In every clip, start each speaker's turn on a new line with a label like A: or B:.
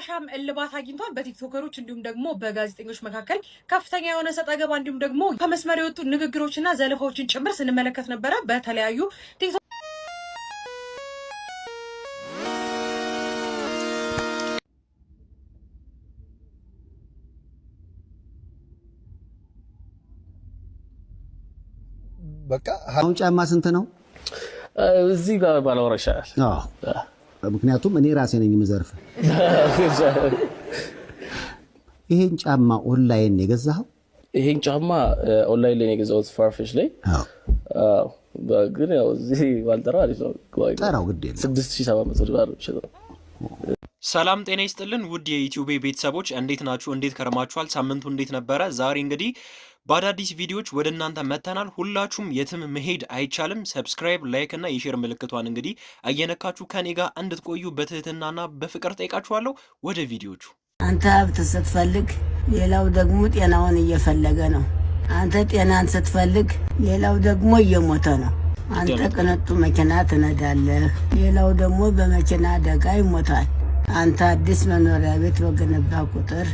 A: በመጨረሻም እልባት አግኝቷል። በቲክቶከሮች እንዲሁም ደግሞ በጋዜጠኞች መካከል ከፍተኛ የሆነ ሰጠገባ እንዲሁም ደግሞ ከመስመር የወጡ ንግግሮችና ዘለፋዎችን ጭምር ስንመለከት ነበረ በተለያዩ በቃ
B: አሁን ጫማ ስንት ነው?
C: እዚህ ጋር ባላወራ
B: ይሻላል። ምክንያቱም እኔ ራሴ ነኝ የምዘርፍ። ይሄን ጫማ ኦንላይን የገዛኸው?
C: ይሄን ጫማ ኦንላይን ላይ የገዛሁት ፋርፌሽ ላይ ግን ያው እዚህ ባልጠራው አሪፍ ነው። ጠራው ግድ የለም። ስድስት ሺህ ሰባት መቶ ዶላር ነው።
D: ሰላም ጤና ይስጥልን ውድ የዩቲዩብ ቤተሰቦች እንዴት ናችሁ? እንዴት ከረማችኋል? ሳምንቱ እንዴት ነበረ? ዛሬ እንግዲህ በአዳዲስ ቪዲዮዎች ወደ እናንተ መተናል። ሁላችሁም የትም መሄድ አይቻልም። ሰብስክራይብ፣ ላይክ እና የሼር ምልክቷን እንግዲህ እየነካችሁ ከኔ ጋር እንድትቆዩ በትህትናና በፍቅር ጠይቃችኋለሁ። ወደ ቪዲዮቹ።
E: አንተ ሀብት ስትፈልግ ሌላው ደግሞ ጤናውን እየፈለገ ነው። አንተ ጤናን ስትፈልግ ሌላው ደግሞ እየሞተ ነው። አንተ ቅንጡ መኪና ትነዳለህ፣ ሌላው ደግሞ በመኪና አደጋ ይሞታል። አንተ አዲስ መኖሪያ ቤት በገነባ ቁጥር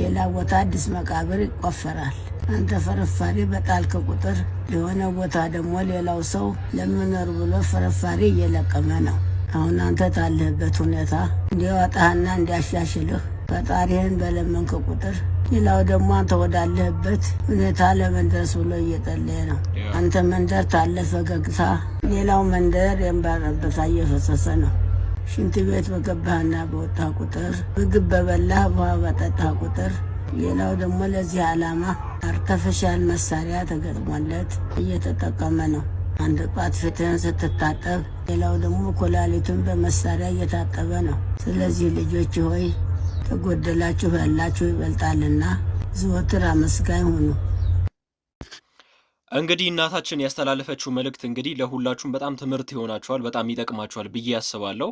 E: ሌላ ቦታ አዲስ መቃብር ይቆፈራል። አንተ ፍርፋሪ በጣልክ ቁጥር የሆነ ቦታ ደግሞ ሌላው ሰው ለምኖር ብሎ ፍርፋሪ እየለቀመ ነው። አሁን አንተ ታለህበት ሁኔታ እንዲያወጣህና እንዲያሻሽልህ ፈጣሪህን በለመንክ ቁጥር ሌላው ደግሞ አንተ ወዳለህበት ሁኔታ ለመድረስ ብሎ እየጠለየ ነው። አንተ መንደር ታለ ፈገግታ፣ ሌላው መንደር የእንባ እየፈሰሰ ነው። ሽንት ቤት በገባህና በወጣ ቁጥር፣ ምግብ በበላህ፣ ውሃ ቁጥር ሌላው ደግሞ ለዚህ ዓላማ አርተፊሻል መሳሪያ ተገጥሞለት እየተጠቀመ ነው። አንድ ጣት ፊትህን ስትታጠብ፣ ሌላው ደግሞ ኮላሊቱን በመሳሪያ እየታጠበ ነው። ስለዚህ ልጆች ሆይ ተጎደላችሁ ያላችሁ ይበልጣልና ዘወትር አመስጋኝ ሁኑ።
D: እንግዲህ እናታችን ያስተላለፈችው መልእክት እንግዲህ ለሁላችሁም በጣም ትምህርት ይሆናችኋል፣ በጣም ይጠቅማችኋል ብዬ አስባለሁ።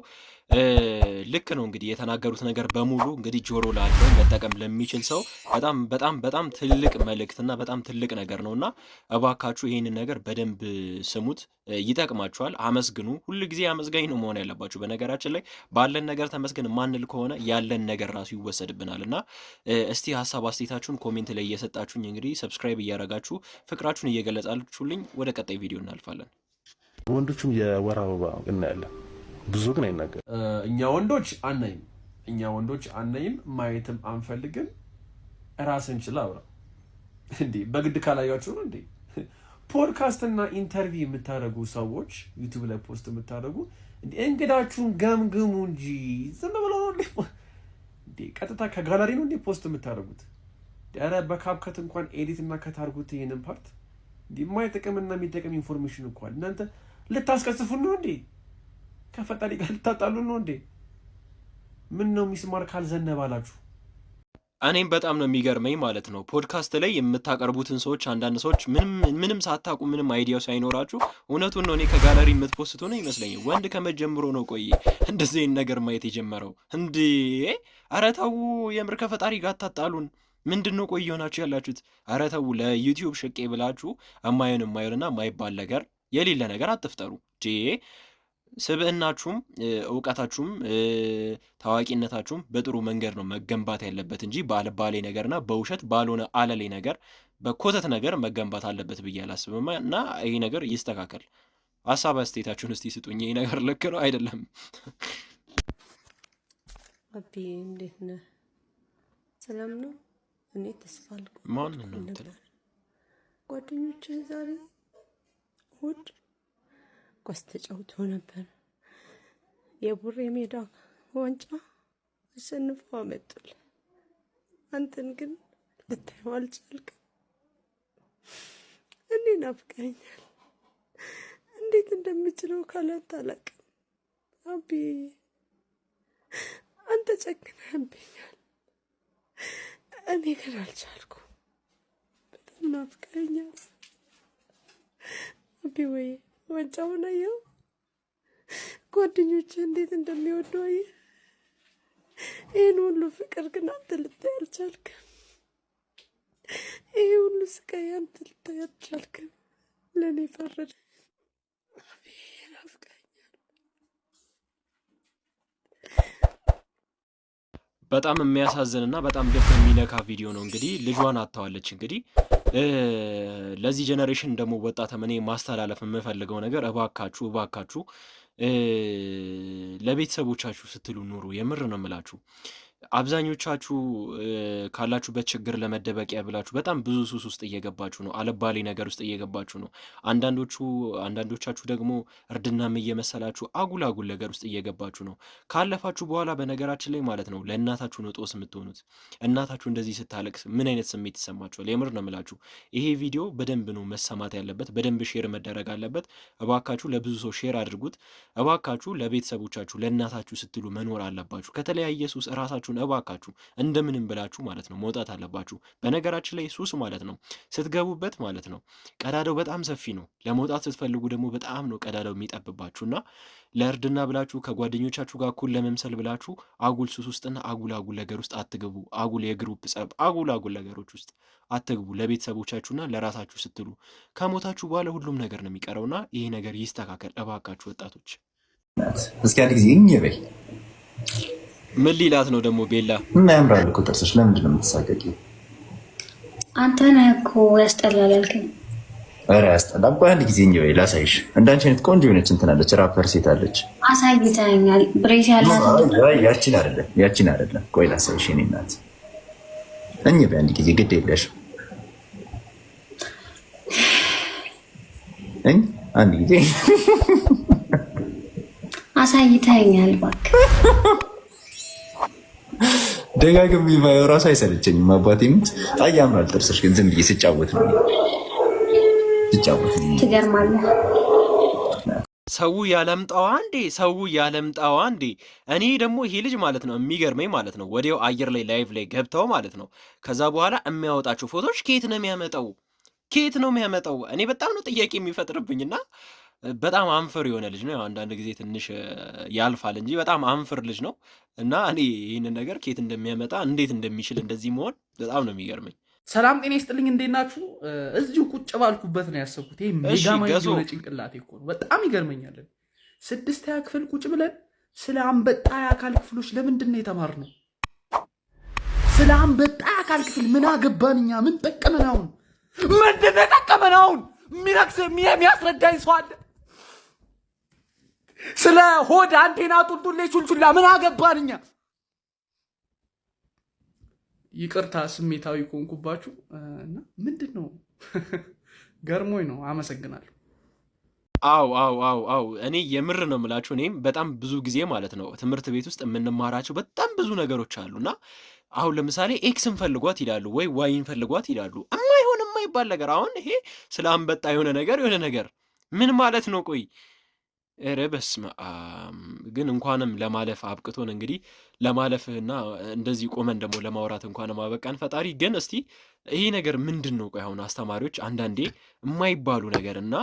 D: ልክ ነው እንግዲህ የተናገሩት ነገር በሙሉ እንግዲህ ጆሮ ላለው መጠቀም ለሚችል ሰው በጣም በጣም በጣም ትልቅ መልእክትና በጣም ትልቅ ነገር ነው እና እባካችሁ ይህንን ነገር በደንብ ስሙት፣ ይጠቅማችኋል። አመስግኑ። ሁል ጊዜ አመስጋኝ ነው መሆን ያለባችሁ። በነገራችን ላይ ባለን ነገር ተመስገን ማንል ከሆነ ያለን ነገር ራሱ ይወሰድብናል እና እስቲ ሀሳብ አስቴታችሁን ኮሜንት ላይ እየሰጣችሁኝ እንግዲህ ሰብስክራይብ እያረጋችሁ ፍቅራችሁን እየገለጻችሁልኝ ወደ ቀጣይ ቪዲዮ እናልፋለን።
B: ወንዶቹም የወር አበባ እናያለን። ብዙ ግን አይናገር።
F: እኛ ወንዶች አናይም፣ እኛ ወንዶች አናይም፣ ማየትም አንፈልግም። ራስን ችል አብራ እንዴ በግድ ካላያችሁ ነው እንዴ ፖድካስት እና ኢንተርቪው የምታደርጉ ሰዎች ዩቲዩብ ላይ ፖስት የምታደርጉ እንግዳችሁን ገምግሙ እንጂ ዝም ብሎ ቀጥታ ከጋላሪ ነው እንዴ ፖስት የምታደርጉት? ኧረ በካፕከት እንኳን ኤዲት እና ከታርጉት ይህንን ፓርት የማይጠቅምና የሚጠቅም ኢንፎርሜሽን እኳል እናንተ ልታስቀጽፉ ነው እንዴ? ከፈጣሪ ጋር ልታጣሉ ነው እንዴ? ምን ነው ሚስማር ካልዘነበ አላችሁ።
D: እኔም በጣም ነው የሚገርመኝ ማለት ነው። ፖድካስት ላይ የምታቀርቡትን ሰዎች አንዳንድ ሰዎች ምንም ሳታውቁ ምንም አይዲያው ሳይኖራችሁ እውነቱን ነው እኔ ከጋለሪ የምትፖስቱ ነው ይመስለኝ። ወንድ ከመጀምሮ ነው ቆይ እንደዚህ ነገር ማየት የጀመረው እንዴ? ኧረ ተው የምር ከፈጣሪ ጋር አታጣሉን። ምንድን ነው ቆይ የሆናችሁ ያላችሁት? ኧረ ተው ለዩቲዩብ ሽቄ ብላችሁ እማየን የማየንና የማይባል ነገር የሌለ ነገር አትፍጠሩ። ስብዕናችሁም እውቀታችሁም ታዋቂነታችሁም በጥሩ መንገድ ነው መገንባት ያለበት እንጂ ባልባሌ ነገርና በውሸት ባልሆነ አለሌ ነገር በኮተት ነገር መገንባት አለበት ብዬ አላስብም እና ይህ ነገር ይስተካከል። ሀሳብ አስተያየታችሁን እስቲ ስጡኝ። ይህ ነገር ልክ ነው አይደለም?
G: አቢ እንዴት ነህ? ሰላም ነው። እኔ ተስፋ አልኩ።
B: ማን ነው
G: ጓደኞችህ ዛሬ እሑድ ኳስ ተጫውቶ ነበር። የቡሬ ሜዳ ዋንጫ አሸንፈው አመጡል። አንተን ግን ልታየው አልቻልክም። እኔ ናፍቀኛል። እንዴት እንደምችለው ካላት አላቅ አቢ አንተ ጨክነህብኛል። እኔ ግን አልቻልኩ በጣም ናፍቀኛል አቢ ወይ ዋንጫውን አየው። ጓደኞች እንዴት እንደሚወዱ አየ። ይህን ሁሉ ፍቅር ግን አንተ ልታይ አልቻልክም። ይህ ሁሉ ስቃይ አንተ ልታይ አልቻልክም። ለእኔ ፈረደ
D: በጣም የሚያሳዝን እና በጣም ልብ የሚነካ ቪዲዮ ነው። እንግዲህ ልጇን አታዋለች እንግዲህ ለዚህ ጀኔሬሽን ደግሞ ወጣትም እኔ ማስተላለፍ የምፈልገው ነገር እባካችሁ እባካችሁ ለቤተሰቦቻችሁ ስትሉ ኑሩ። የምር ነው የምላችሁ። አብዛኞቻችሁ ካላችሁበት ችግር ለመደበቂያ ብላችሁ በጣም ብዙ ሱስ ውስጥ እየገባችሁ ነው። አለባሌ ነገር ውስጥ እየገባችሁ ነው። አንዳንዶቹ አንዳንዶቻችሁ ደግሞ እርድናም እየመሰላችሁ አጉል አጉል ነገር ውስጥ እየገባችሁ ነው። ካለፋችሁ በኋላ በነገራችን ላይ ማለት ነው ለእናታችሁ ነው ጦስ የምትሆኑት። እናታችሁ እንደዚህ ስታለቅስ ምን አይነት ስሜት ይሰማችኋል? የምር ነው የምላችሁ። ይሄ ቪዲዮ በደንብ ነው መሰማት ያለበት፣ በደንብ ሼር መደረግ አለበት። እባካችሁ ለብዙ ሰው ሼር አድርጉት። እባካችሁ ለቤተሰቦቻችሁ ለእናታችሁ ስትሉ መኖር አለባችሁ። ከተለያየ ሱስ እራሳችሁ እባካችሁን እባካችሁ እንደምንም ብላችሁ ማለት ነው መውጣት አለባችሁ። በነገራችን ላይ ሱስ ማለት ነው ስትገቡበት ማለት ነው ቀዳዳው በጣም ሰፊ ነው። ለመውጣት ስትፈልጉ ደግሞ በጣም ነው ቀዳዳው የሚጠብባችሁና ለእርድና ብላችሁ ከጓደኞቻችሁ ጋር እኩል ለመምሰል ብላችሁ አጉል ሱስ ውስጥና አጉል አጉል ነገር ውስጥ አትግቡ። አጉል የግሩፕ ጸብ፣ አጉል አጉል ነገሮች ውስጥ አትግቡ። ለቤተሰቦቻችሁና ለራሳችሁ ስትሉ ከሞታችሁ በኋላ ሁሉም ነገር ነው የሚቀረውና ይሄ ነገር ይስተካከል እባካችሁ ወጣቶች።
B: እስኪ አንድ ጊዜ እኝ በይ
D: ምን ሊላት ነው ደግሞ ቤላ?
B: እና ያምራል እኮ ጥርስሽ። ለምንድን ነው የምትሳቀቂ?
H: አንተ ነህ እኮ ያስጠላል ያልከኝ።
B: ኧረ ያስጠላል። ቆይ አንድ ጊዜ እኛ ወይ ላሳይሽ። እንዳንቺ አይነት ቆንጆ የሆነች እንትን አለች፣ ራፐር ሴት አለች።
H: አሳይተኛል። ብሬት ያላት
B: ያቺን አይደለም፣ ያቺን አይደለም። ቆይ ላሳይሽ። እኔ እናት እኚ በአንድ ጊዜ ግድ የለሽ እኝ አንድ ጊዜ
H: አሳይተኛል እባክህ
B: ደጋግሜ ባየው ራሱ አይሰለቸኝም። አባቴ ምት አያምር ጥርስሽ ግን ዝም ብዬ ስጫወት ነው ስጫወት
H: ትገርማለህ።
D: ሰው ያለምጣው አንዴ፣ ሰው ያለምጣው አንዴ። እኔ ደግሞ ይሄ ልጅ ማለት ነው የሚገርመኝ ማለት ነው ወዲያው አየር ላይ ላይቭ ላይ ገብተው ማለት ነው ከዛ በኋላ የሚያወጣቸው ፎቶዎች ከየት ነው የሚያመጣው? ከየት ነው የሚያመጣው? እኔ በጣም ነው ጥያቄ የሚፈጥርብኝና በጣም አንፍር የሆነ ልጅ ነው። አንዳንድ ጊዜ ትንሽ ያልፋል እንጂ በጣም አንፍር ልጅ ነው እና እኔ ይህንን ነገር ኬት እንደሚያመጣ እንዴት እንደሚችል እንደዚህ መሆን በጣም ነው የሚገርመኝ። ሰላም ጤና ይስጥልኝ፣ እንዴት ናችሁ? እዚሁ ቁጭ ባልኩበት ነው ያሰብኩት። ይሄ ሜጋማዊ የሆነ ጭንቅላቴ እኮ ነው። በጣም ይገርመኛለን። ያ ክፍል ቁጭ ብለን ስለ አንበጣ የአካል ክፍሎች ለምንድን ነው የተማርነው? ስለ አንበጣ የአካል ክፍል ምን አገባን እኛ? ምን ጠቀመን አሁን? ምንድን ነው የጠቀመን አሁን? የሚያስረዳኝ ሰው አለ? ስለ ሆድ አንቴና ጡልጡሌ ቹልቹላ ምን አገባን እኛ። ይቅርታ ስሜታዊ ኮንኩባችሁ እና ምንድን ነው ገርሞኝ ነው። አመሰግናለሁ። አው አው አው አው እኔ የምር ነው የምላችሁ። እኔም በጣም ብዙ ጊዜ ማለት ነው ትምህርት ቤት ውስጥ የምንማራቸው በጣም ብዙ ነገሮች አሉ አሁን ለምሳሌ ኤክስን ፈልጓት ይላሉ ወይ ዋይን ፈልጓት ይላሉ። እማይሆን የማይባል ነገር አሁን ይሄ ስለ አንበጣ የሆነ ነገር የሆነ ነገር ምን ማለት ነው? ቆይ ኧረ በስመ አብ ግን እንኳንም ለማለፍ አብቅቶን እንግዲህ ለማለፍህና እንደዚህ ቆመን ደግሞ ለማውራት እንኳንም አበቃን ፈጣሪ። ግን እስቲ ይሄ ነገር ምንድን ነው? ቆይ አሁን አስተማሪዎች አንዳንዴ የማይባሉ ነገርና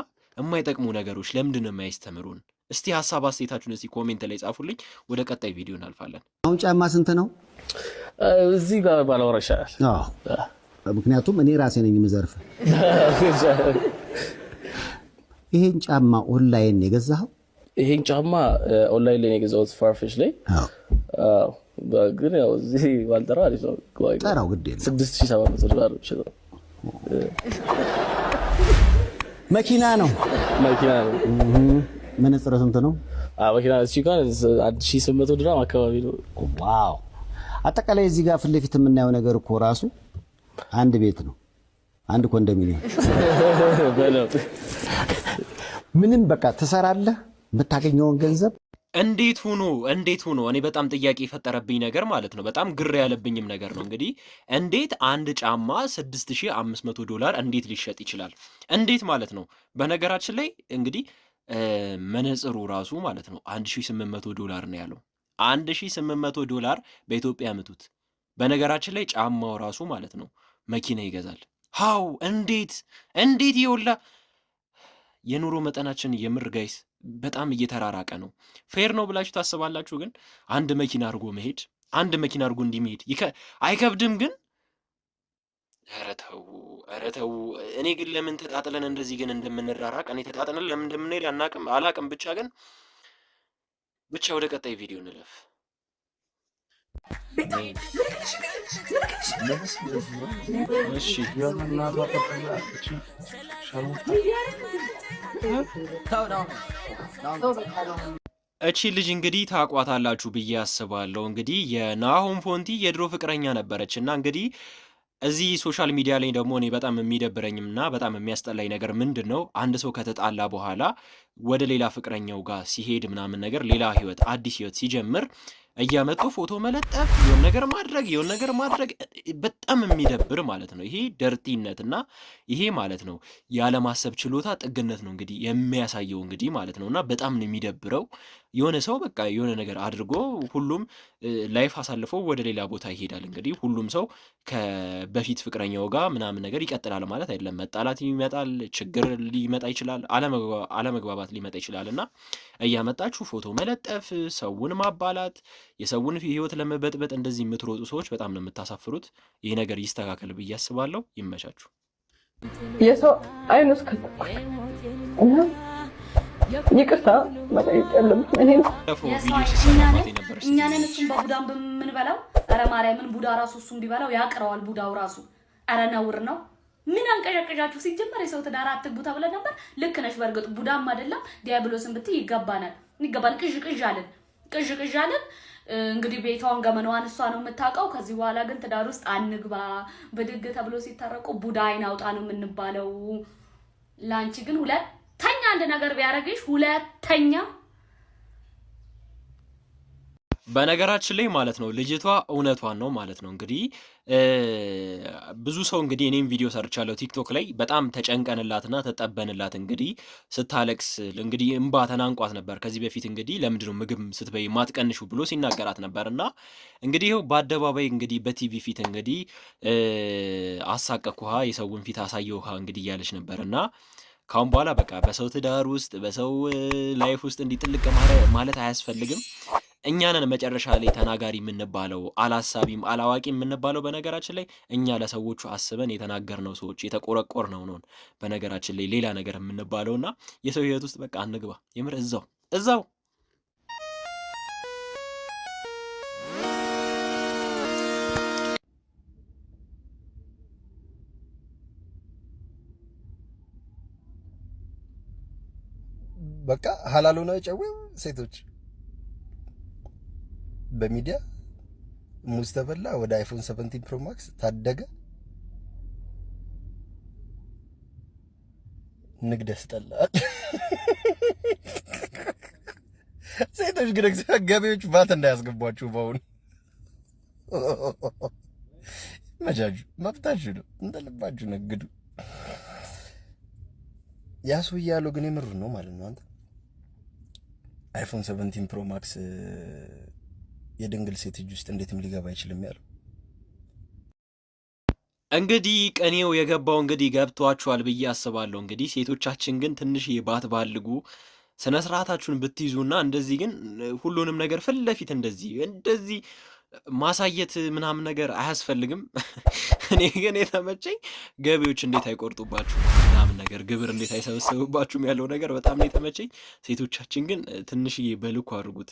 D: የማይጠቅሙ ነገሮች ለምንድን ነው የማያስተምሩን? እስቲ ሀሳብ አስተያየታችሁን እስቲ ኮሜንት ላይ ጻፉልኝ። ወደ ቀጣይ ቪዲዮ እናልፋለን።
B: አሁን ጫማ ስንት ነው?
C: እዚህ ጋር ባላወራ ይሻላል።
B: ምክንያቱም እኔ ራሴ ነኝ የምዘርፍ። ይሄን ጫማ ኦንላይን የገዛኸው
C: ይሄን ጫማ ኦንላይን ላይ የገዛሁት ፋርፌሽ ላይ ግን ያው እዚህ ባልጠራው አሪፍ ነው። ስድስት ሺህ ሰባት መቶ ዶላር መኪና ነው መኪና ነው።
B: መነጽር ስንት ነው?
C: መኪና አንድ ሺህ ስምንት መቶ ድራም አካባቢ ነው።
B: ዋው! አጠቃላይ እዚህ ጋር ፊት ለፊት የምናየው ነገር እኮ ራሱ አንድ ቤት ነው፣ አንድ ኮንዶሚኒየም ምንም በቃ ትሰራለህ የምታገኘውን ገንዘብ
D: እንዴት ሆኖ እንዴት ሆኖ እኔ በጣም ጥያቄ የፈጠረብኝ ነገር ማለት ነው። በጣም ግር ያለብኝም ነገር ነው። እንግዲህ እንዴት አንድ ጫማ 6500 ዶላር እንዴት ሊሸጥ ይችላል? እንዴት ማለት ነው። በነገራችን ላይ እንግዲህ መነጽሩ ራሱ ማለት ነው 1800 ዶላር ነው ያለው። 1800 ዶላር በኢትዮጵያ ምቱት። በነገራችን ላይ ጫማው ራሱ ማለት ነው መኪና ይገዛል። ሀው እንዴት እንዴት የወላ የኑሮ መጠናችን የምር ጋይስ በጣም እየተራራቀ ነው። ፌር ነው ብላችሁ ታስባላችሁ? ግን አንድ መኪና አድርጎ መሄድ አንድ መኪና አድርጎ እንዲህ መሄድ አይከብድም? ግን ኧረ ተው፣ ኧረ ተው። እኔ ግን ለምን ተጣጥለን እንደዚህ ግን እንደምንራራቅ እኔ ተጣጥለን ለምን እንደምንሄድ አናቅም አላቅም። ብቻ ግን ብቻ ወደ ቀጣይ ቪዲዮ እንለፍ። እቺ ልጅ እንግዲህ ታቋታላችሁ ብዬ አስባለሁ። እንግዲህ የናሆም ፎንቲ የድሮ ፍቅረኛ ነበረች እና እንግዲህ እዚህ ሶሻል ሚዲያ ላይ ደግሞ እኔ በጣም የሚደብረኝም እና በጣም የሚያስጠላኝ ነገር ምንድን ነው፣ አንድ ሰው ከተጣላ በኋላ ወደ ሌላ ፍቅረኛው ጋር ሲሄድ ምናምን ነገር ሌላ ህይወት አዲስ ህይወት ሲጀምር እያመጡ ፎቶ መለጠፍ የሆን ነገር ማድረግ የሆን ነገር ማድረግ በጣም የሚደብር ማለት ነው። ይሄ ደርጢነት እና ይሄ ማለት ነው ያለማሰብ ችሎታ ጥግነት ነው እንግዲህ የሚያሳየው እንግዲህ ማለት ነው እና በጣም ነው የሚደብረው። የሆነ ሰው በቃ የሆነ ነገር አድርጎ ሁሉም ላይፍ አሳልፎ ወደ ሌላ ቦታ ይሄዳል። እንግዲህ ሁሉም ሰው ከበፊት ፍቅረኛው ጋር ምናምን ነገር ይቀጥላል ማለት አይደለም። መጣላት ይመጣል፣ ችግር ሊመጣ ይችላል፣ አለመግባባት ሊመጣ ይችላል እና እያመጣችሁ ፎቶ መለጠፍ፣ ሰውን ማባላት፣ የሰውን ህይወት ለመበጥበጥ እንደዚህ የምትሮጡ ሰዎች በጣም ነው የምታሳፍሩት። ይህ ነገር ይስተካከል ብዬ አስባለሁ። ይመቻችሁ።
I: የሰው አይኑ ይቅርታ መጠየቅ ያለም እኔ
J: ነው። ነን። እሱን በቡዳን በምንበላው ረ ማርያምን ቡዳ ራሱ እሱን ቢበላው ያቅረዋል ቡዳው ራሱ። ረ ነውር ነው። ምን አንቀዣቀዣችሁ? ሲጀመር የሰው ትዳር አትግቡ ተብለ ነበር። ልክ ነሽ። በእርግጥ ቡዳም አይደለም ዲያብሎስን ብትይ ይገባናል፣ ይገባል። ቅዥ ቅዥ አለን፣ ቅዥ ቅዥ አለን። እንግዲህ ቤቷን ገመናዋን እሷ ነው የምታውቀው። ከዚህ በኋላ ግን ትዳር ውስጥ አንግባ ብድግ ተብሎ ሲታረቁ ቡዳ አይን አውጣ ነው የምንባለው። ለአንቺ ግን ሁለት አንድ ነገር ቢያደርግሽ ሁለተኛ በነገራችን ላይ ማለት ነው ልጅቷ እውነቷን ነው ማለት ነው። እንግዲህ ብዙ ሰው እንግዲህ እኔም ቪዲዮ ሰርቻለሁ ቲክቶክ ላይ በጣም ተጨንቀንላትና ተጠበንላት እንግዲህ ስታለቅስ እንግዲህ እምባ ተናንቋት ነበር። ከዚህ በፊት እንግዲህ ለምንድነው ምግብ ስትበይ ማትቀንሹ ብሎ ሲናገራት ነበር እና እንግዲህ ይኸው በአደባባይ እንግዲህ በቲቪ ፊት እንግዲህ አሳቀኩሃ የሰውን ፊት አሳየውሃ እንግዲህ እያለች ነበር እና ካሁን በኋላ በቃ በሰው ትዳር ውስጥ በሰው ላይፍ ውስጥ እንዲጥልቅ ማለት አያስፈልግም። እኛንን መጨረሻ ላይ ተናጋሪ የምንባለው አላሳቢም አላዋቂ የምንባለው በነገራችን ላይ እኛ ለሰዎቹ አስበን የተናገርነው ሰዎች የተቆረቆር ነው ነውን በነገራችን ላይ ሌላ ነገር የምንባለው እና የሰው ህይወት ውስጥ በቃ አንግባ። የምር እዛው እዛው በቃ ሀላል ሆነ ጨዌው ሴቶች በሚዲያ ሙዝ ተበላ። ወደ አይፎን 17 ፕሮ ማክስ ታደገ። ንግድ ያስጠላል። ሴቶች ግን ገቢዎች ባት እንዳያስገቧችሁ በአሁኑ መቻቹ መብታችሁ ነው፣ እንደልባችሁ ነግዱ። ያሱ እያሉ ግን የምሩ ነው ማለት ነው አንተ አይፎን ሰቨንቲን ፕሮ ማክስ የድንግል ሴት እጅ ውስጥ እንዴትም ሊገባ አይችልም ያለው እንግዲህ ቀኔው የገባው እንግዲህ ገብቷችኋል ብዬ አስባለሁ። እንግዲህ ሴቶቻችን ግን ትንሽ ባት ባልጉ ስነ ስርዓታችሁን ብትይዙና እንደዚህ ግን ሁሉንም ነገር ፊት ለፊት እንደዚህ እንደዚህ ማሳየት ምናምን ነገር አያስፈልግም። እኔ ግን የተመቸኝ ገቢዎች እንዴት አይቆርጡባችሁ ምናምን ነገር ግብር እንዴት አይሰበሰቡባችሁም ያለው ነገር በጣም ነው የተመቸኝ። ሴቶቻችን ግን ትንሽዬ በልኩ አድርጉት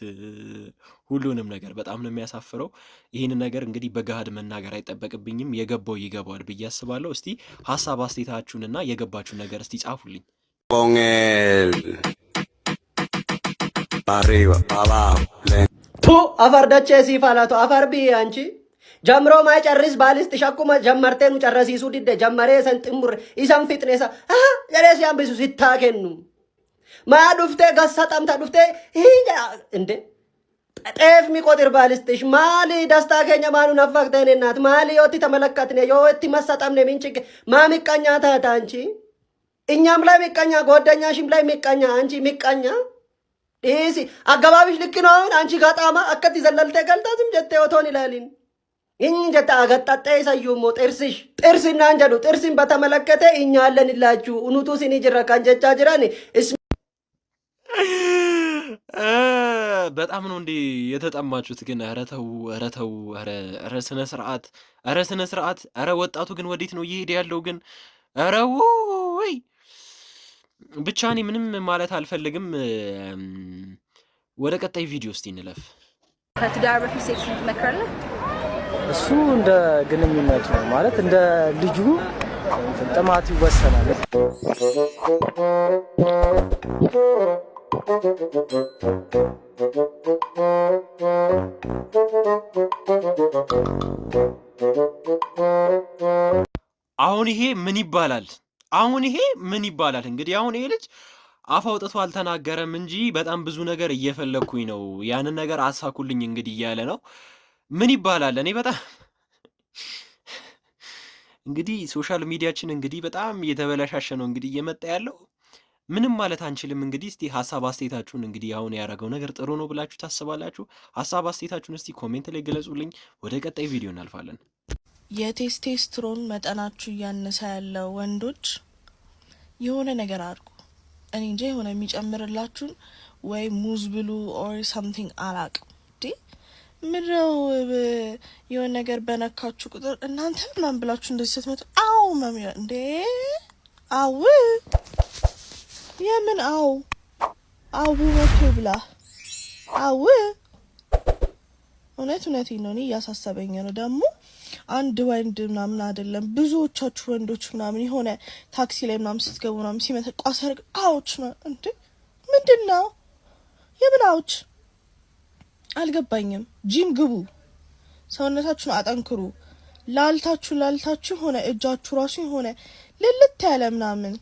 J: ሁሉንም ነገር በጣም ነው የሚያሳፍረው። ይህን ነገር እንግዲህ በገሃድ መናገር አይጠበቅብኝም። የገባው ይገባዋል ብዬ አስባለሁ። እስቲ ሀሳብ አስቴታችሁንና የገባችሁን ነገር እስቲ ጻፉልኝ። ፖንል ቱ አፈርደቼ ሲፋላቶ አፈር ብዬ አንቺ ጀምሮ ማይጨርስ ባልስ ሸኩመ ጀመርቴኑ ጨረሲሱ ድደ ጀመሬ ሰን ጥሙር ኢሰን ፊጥኔሳ ጀሬስ ያንብሱ ሲታከኑ ማያ ዱፍቴ ገሳ ጠምታ ዱፍቴ እንዴ ጤፍ ሚቆጥር ባልስትሽ ማሊ ደስታ ኬኛ ማኑ ነፈቅተኔ ናት ማሊ ዮቲ ተመለከትኔ ዮቲ መሰጠምኔ ምንችግ ማሚቀኛ ታታ አንቺ እኛም ላይ ሚቀኛ ጓደኛሽም ላይ ሚቀኛ አንቺ ሚቀኛ ዲሲ አገባቢሽ ልክ ነው። አሁን አንቺ ጋጣማ አከት ዘለልተ ገልታ ዝም ጀተ ወቶን ይላልን እኝ ጀታ አገጣጣ ይሳዩሞ ጥርስሽ ጥርስና አንጀሉ ጥርስን በተመለከተ እኛ አለን ይላችሁ ኡኑቱ ሲኒ ጅራ ካንጀቻ ጅራኒ በጣም ነው እንዴ የተጠማችሁት? ግን ኧረ ተው፣ ኧረ ተው፣ ኧረ ስነ ስርዓት፣ ኧረ ስነ ስርዓት። ኧረ ወጣቱ ግን ወዴት ነው እየሄደ ያለው ግን? ኧረ ወይ ብቻ እኔ ምንም ማለት አልፈልግም። ወደ ቀጣይ ቪዲዮ ውስጥ እንለፍ። ከትዳር በፊት ሴክስ ትመክራለህ? እሱ እንደ ግንኙነቱ ነው ማለት እንደ ልጁ ጥማት ይወሰናል። አሁን ይሄ ምን ይባላል? አሁን ይሄ ምን ይባላል እንግዲህ አሁን ይሄ ልጅ አፍ አውጥቶ አልተናገረም እንጂ በጣም ብዙ ነገር እየፈለግኩኝ ነው፣ ያንን ነገር አሳኩልኝ እንግዲህ እያለ ነው። ምን ይባላል? እኔ በጣም እንግዲህ ሶሻል ሚዲያችን እንግዲህ በጣም እየተበላሻሸ ነው እንግዲህ እየመጣ ያለው ምንም ማለት አንችልም። እንግዲህ እስቲ ሀሳብ አስተያየታችሁን እንግዲህ አሁን ያደረገው ነገር ጥሩ ነው ብላችሁ ታስባላችሁ? ሀሳብ አስተያየታችሁን እስቲ ኮሜንት ላይ ገለጹልኝ። ወደ ቀጣይ ቪዲዮ እናልፋለን። የቴስቴስትሮን መጠናችሁ እያነሰ ያለው ወንዶች የሆነ ነገር አድርጉ። እኔ እንጂ የሆነ የሚጨምርላችሁን ወይ ሙዝ ብሉ ኦር ሳምቲንግ አላቅም። ምድረው የሆነ ነገር በነካችሁ ቁጥር እናንተ ምናምን ብላችሁ እንደዚህ ስትመጡ አው መሚ እንዴ አው የምን አው አው መቶ ብላ አው እውነት እውነት ነው። እኔ እያሳሰበኝ ነው ደግሞ አንድ ወንድ ምናምን አይደለም። ብዙዎቻችሁ ወንዶች ምናምን የሆነ ታክሲ ላይ ምናምን ስትገቡ ምናምን ሲመ አዎች እንዴ ምንድን ነው የምን አዎች አልገባኝም። ጂም ግቡ፣ ሰውነታችሁን አጠንክሩ። ላልታችሁ ላልታችሁ የሆነ እጃችሁ ራሱ የሆነ ልልት ያለ ምናምን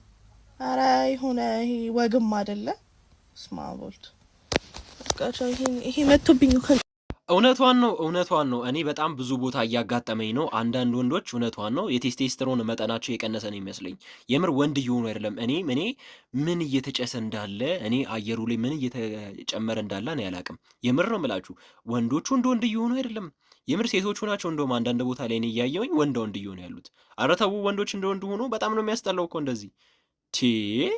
J: አረ የሆነ ይሄ ወግም አይደለ ስማ ቦልት ይሄ መጥቶብኝ እውነቷን ነው፣ እውነቷን ነው። እኔ በጣም ብዙ ቦታ እያጋጠመኝ ነው። አንዳንድ ወንዶች እውነቷን ነው የቴስቴስትሮን መጠናቸው የቀነሰ ነው ይመስለኝ። የምር ወንድ እየሆኑ አይደለም። እኔ እኔ ምን እየተጨሰ እንዳለ እኔ አየሩ ላይ ምን እየተጨመረ እንዳለ እኔ አላቅም። የምር ነው ምላችሁ፣ ወንዶቹ እንደ ወንድ እየሆኑ አይደለም። የምር ሴቶቹ ናቸው እንደውም አንዳንድ ቦታ ላይ እኔ እያየሁኝ ወንድ ወንድ እየሆኑ ያሉት። ኧረ ተው ወንዶች እንደ ወንድ ሆኖ በጣም ነው የሚያስጠላው እኮ እንደዚህ ቴ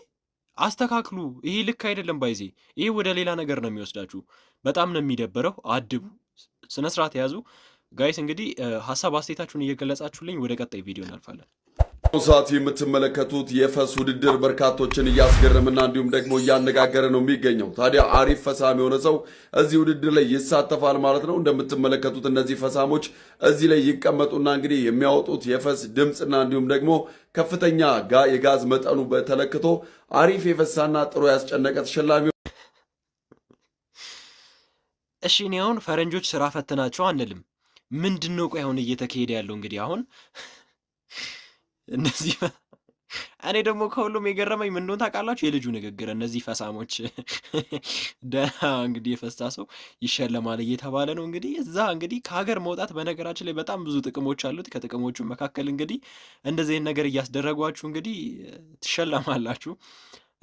J: አስተካክሉ። ይሄ ልክ አይደለም። ባይዜ ይሄ ወደ ሌላ ነገር ነው የሚወስዳችሁ። በጣም ነው የሚደበረው። አድቡ ስነ ስርዓት የያዙ ጋይስ እንግዲህ ሀሳብ አስተያየታችሁን እየገለጻችሁልኝ ወደ ቀጣይ ቪዲዮ እናልፋለን። አሁን ሰዓት የምትመለከቱት የፈስ ውድድር በርካቶችን እያስገረምና እንዲሁም ደግሞ እያነጋገረ ነው የሚገኘው። ታዲያ አሪፍ ፈሳም የሆነ ሰው እዚህ ውድድር ላይ ይሳተፋል ማለት ነው። እንደምትመለከቱት እነዚህ ፈሳሞች እዚህ ላይ ይቀመጡና እንግዲህ የሚያወጡት የፈስ ድምፅና እንዲሁም ደግሞ ከፍተኛ የጋዝ መጠኑ በተለክቶ አሪፍ የፈሳና ጥሩ ያስጨነቀ ተሸላሚ እሺ እኔ አሁን ፈረንጆች ስራ ፈትናቸው አንልም። ምንድን ነው ቆይ አሁን እየተካሄደ ያለው እንግዲህ አሁን እነዚህ እኔ ደግሞ ከሁሉም የገረመኝ ምን እንደሆነ ታውቃላችሁ? የልጁ ንግግር እነዚህ ፈሳሞች ደህና እንግዲህ የፈሳ ሰው ይሸለማል እየተባለ ነው እንግዲህ እዛ እንግዲህ ከሀገር መውጣት በነገራችን ላይ በጣም ብዙ ጥቅሞች አሉት። ከጥቅሞቹ መካከል እንግዲህ እንደዚህን ነገር እያስደረጓችሁ እንግዲህ ትሸለማላችሁ።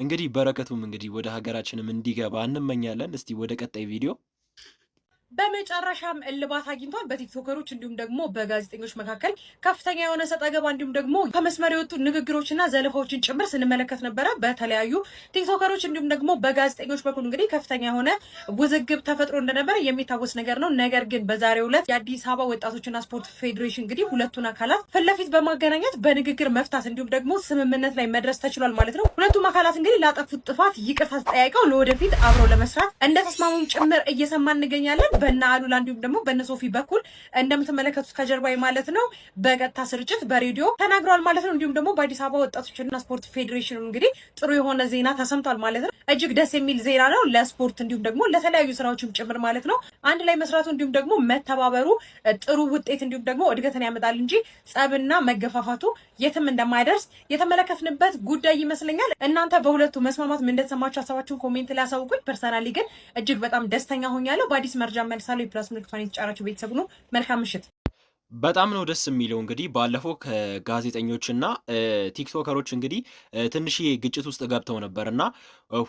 J: እንግዲህ በረከቱም እንግዲህ ወደ ሀገራችንም እንዲገባ እንመኛለን። እስቲ ወደ ቀጣይ ቪዲዮ በመጨረሻም እልባት አግኝቷል። በቲክቶከሮች እንዲሁም ደግሞ በጋዜጠኞች መካከል ከፍተኛ የሆነ ሰጠገባ እንዲሁም ደግሞ ከመስመር የወጡ ንግግሮችና ዘለፋዎችን ጭምር ስንመለከት ነበረ። በተለያዩ ቲክቶከሮች እንዲሁም ደግሞ በጋዜጠኞች በኩል እንግዲህ ከፍተኛ የሆነ ውዝግብ ተፈጥሮ እንደነበረ የሚታወስ ነገር ነው። ነገር ግን በዛሬው ዕለት የአዲስ አበባ ወጣቶችና ስፖርት ፌዴሬሽን እንግዲህ ሁለቱን አካላት ፊት ለፊት በማገናኘት በንግግር መፍታት እንዲሁም ደግሞ ስምምነት ላይ መድረስ ተችሏል ማለት ነው። ሁለቱም አካላት እንግዲህ ላጠፉት ጥፋት ይቅርታ ተጠያይቀው ለወደፊት አብረው ለመስራት እንደተስማሙም ጭምር እየሰማ እንገኛለን። በነ አሉላ እንዲሁም ደግሞ በነሶፊ ሶፊ በኩል እንደምትመለከቱት ከጀርባ ማለት ነው በቀጥታ ስርጭት በሬዲዮ ተናግረዋል ማለት ነው። እንዲሁም ደግሞ በአዲስ አበባ ወጣቶችና ስፖርት ፌዴሬሽን እንግዲህ ጥሩ የሆነ ዜና ተሰምቷል ማለት ነው። እጅግ ደስ የሚል ዜና ነው ለስፖርት እንዲሁም ደግሞ ለተለያዩ ስራዎችም ጭምር ማለት ነው። አንድ ላይ መስራቱ እንዲሁም ደግሞ መተባበሩ ጥሩ ውጤት እንዲሁም ደግሞ እድገትን ያመጣል እንጂ ጸብና መገፋፋቱ የትም እንደማይደርስ የተመለከትንበት ጉዳይ ይመስለኛል። እናንተ በሁለቱ መስማማት ምን እንደተሰማችሁ ሀሳባችሁን ኮሜንት ላይ አሳውቁኝ። ፐርሰናሊ ግን እጅግ በጣም ደስተኛ ሆኛለሁ በአዲስ መረጃ ሀሳብ መልሳለሁ። የፕላስ ምልክቷን የተጫራቸው ቤተሰቡ ነው። መልካም ምሽት። በጣም ነው ደስ የሚለው። እንግዲህ ባለፈው ከጋዜጠኞችና ቲክቶከሮች እንግዲህ ትንሽ ግጭት ውስጥ ገብተው ነበር እና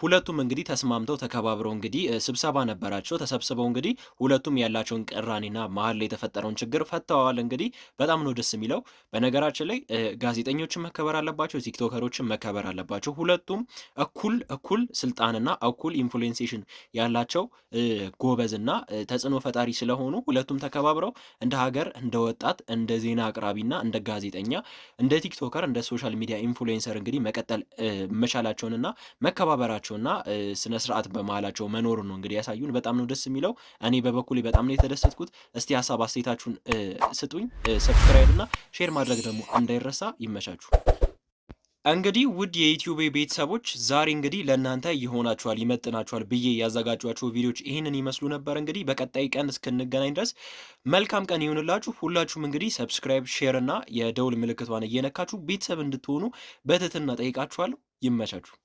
J: ሁለቱም እንግዲህ ተስማምተው ተከባብረው እንግዲህ ስብሰባ ነበራቸው። ተሰብስበው እንግዲህ ሁለቱም ያላቸውን ቅራኔና መሀል ላይ የተፈጠረውን ችግር ፈተዋል። እንግዲህ በጣም ነው ደስ የሚለው። በነገራችን ላይ ጋዜጠኞችን መከበር አለባቸው፣ ቲክቶከሮችን መከበር አለባቸው። ሁለቱም እኩል እኩል ስልጣንና እኩል ኢንፍሉዌንሴሽን ያላቸው ጎበዝና ተጽዕኖ ፈጣሪ ስለሆኑ ሁለቱም ተከባብረው እንደ ሀገር እንደ ወጣት እንደ ዜና አቅራቢና እንደ ጋዜጠኛ እንደ ቲክቶከር እንደ ሶሻል ሚዲያ ኢንፍሉዌንሰር እንግዲህ መቀጠል መቻላቸውንና መከባበር መከበራቸውና ስነ ስርዓት በመሃላቸው መኖሩ ነው እንግዲህ ያሳዩን። በጣም ነው ደስ የሚለው። እኔ በበኩሌ በጣም ነው የተደሰትኩት። እስቲ ሀሳብ አስተያየታችሁን ስጡኝ። ሰብስክራይብ እና ሼር ማድረግ ደግሞ እንዳይረሳ። ይመቻችሁ። እንግዲህ ውድ የዩቲዩብ ቤተሰቦች ዛሬ እንግዲህ ለእናንተ ይሆናችኋል ይመጥናችኋል ብዬ ያዘጋጇቸው ቪዲዮዎች ይህንን ይመስሉ ነበር። እንግዲህ በቀጣይ ቀን እስክንገናኝ ድረስ መልካም ቀን ይሆንላችሁ። ሁላችሁም እንግዲህ ሰብስክራይብ፣ ሼር እና የደውል ምልክቷን እየነካችሁ ቤተሰብ እንድትሆኑ በትህትና ጠይቃችኋለሁ። ይመቻችሁ።